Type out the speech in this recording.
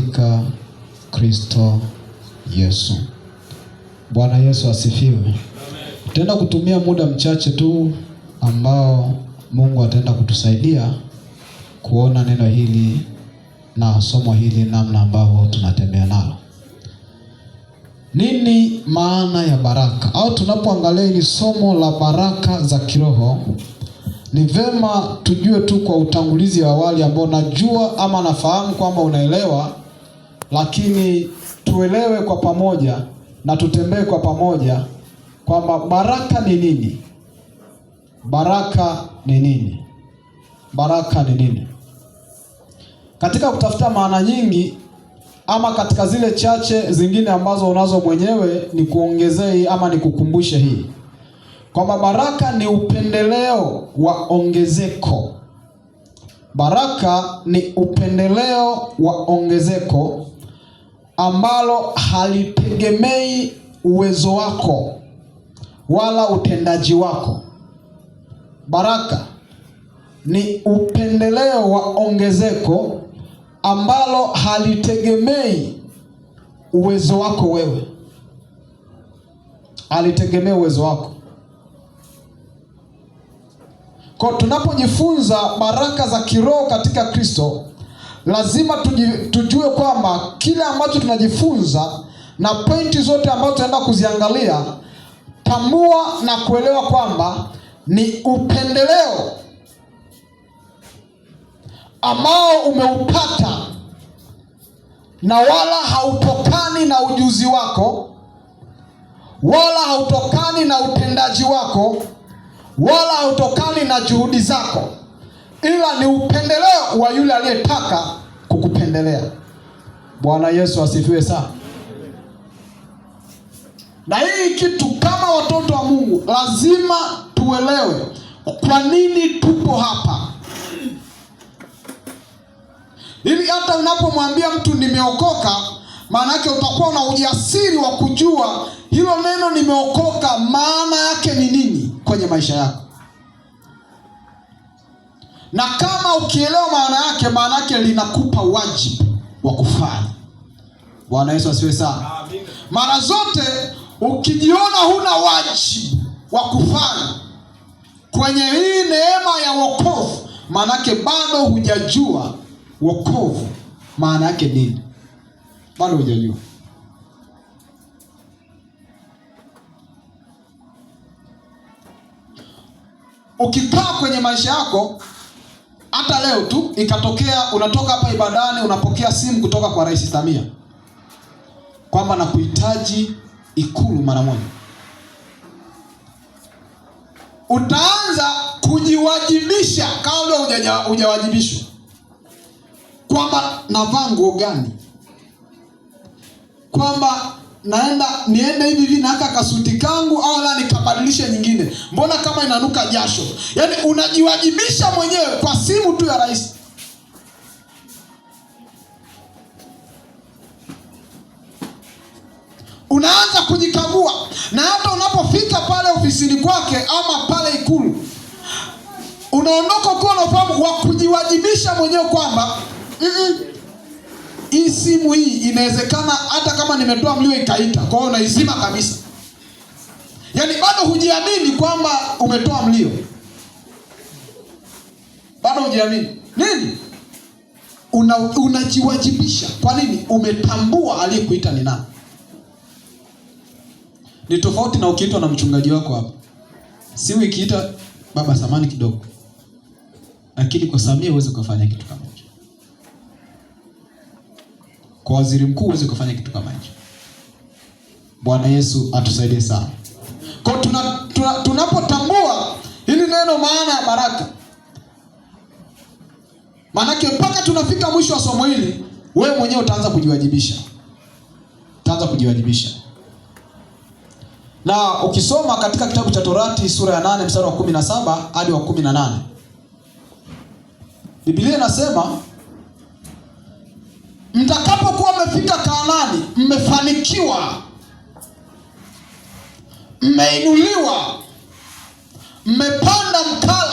katika Kristo Yesu. Bwana Yesu asifiwe. Amen. Tutaenda kutumia muda mchache tu ambao Mungu ataenda kutusaidia kuona neno hili na somo hili namna ambavyo tunatembea nalo. Nini maana ya baraka? Au tunapoangalia hili somo la baraka za kiroho, ni vema tujue tu kwa utangulizi wa awali ambao najua ama nafahamu kwamba unaelewa lakini tuelewe kwa pamoja na tutembee kwa pamoja kwamba baraka ni nini? Baraka ni nini? Baraka ni nini? Katika kutafuta maana nyingi ama katika zile chache zingine ambazo unazo mwenyewe, ni kuongezee ama ni kukumbushe hii kwamba baraka ni upendeleo wa ongezeko. Baraka ni upendeleo wa ongezeko ambalo halitegemei uwezo wako wala utendaji wako. Baraka ni upendeleo wa ongezeko ambalo halitegemei uwezo wako wewe, halitegemei uwezo wako. Kwa tunapojifunza baraka za kiroho katika Kristo lazima tujue kwamba kile ambacho tunajifunza na pointi zote ambazo tunaenda kuziangalia, tambua na kuelewa kwamba ni upendeleo ambao umeupata na wala hautokani na ujuzi wako wala hautokani na utendaji wako wala hautokani na juhudi zako ila ni upendeleo wa yule aliyetaka kukupendelea. Bwana Yesu asifiwe sana. Na hii kitu kama watoto wa Mungu lazima tuelewe kwa nini tupo hapa, ili hata unapomwambia mtu nimeokoka, yake utakuwa na ujasiri wa kujua hilo neno nimeokoka maana yake ni nini kwenye maisha yako na kama ukielewa maana yake, maana yake linakupa wajibu wa kufanya. Bwana Yesu asiwe sana. Mara zote ukijiona huna wajibu wa kufanya kwenye hii neema ya wokovu, maana yake bado hujajua wokovu maana yake nini, bado hujajua. Ukikaa kwenye maisha yako hata leo tu ikatokea unatoka hapa ibadani, unapokea simu kutoka kwa Rais Samia kwamba nakuhitaji Ikulu mara moja, utaanza kujiwajibisha kabla hujawajibishwa kwamba navaa nguo gani, kwamba naenda niende hivi hivi naaka kasuti kangu au la nikabadilishe nyingine, mbona kama inanuka jasho? Yaani unajiwajibisha mwenyewe kwa simu tu ya rais. Unaanza kujikagua, na hata unapofika pale ofisini kwake ama pale Ikulu, unaondoka kuwa na ufahamu wa kujiwajibisha mwenyewe kwamba hii simu hii inawezekana hata kama nimetoa mlio ikaita, kwa hiyo naizima kabisa. Yaani bado hujiamini kwamba umetoa mlio, bado hujiamini nini? Una, unajiwajibisha. Kwa nini? Umetambua aliyekuita ni nani. Ni tofauti na ukiitwa na mchungaji wako hapa, simu ikiita, baba samani kidogo, lakini kwa Samia uweze ukafanya kitu kama kwa waziri mkuu uweze kufanya kitu kama hicho. Bwana Yesu atusaidie sana. Kwa tunapotambua tuna, tunapotambua hili neno maana ya baraka, maanake mpaka tunafika mwisho wa somo hili, wewe mwenyewe utaanza kujiwajibisha, utaanza kujiwajibisha. Na ukisoma katika kitabu cha Torati sura ya 8 mstari wa 17 hadi wa 18 Biblia inasema Mtakapokuwa mmefika Kanaani, mmefanikiwa, mmeinuliwa, mmepanda mkala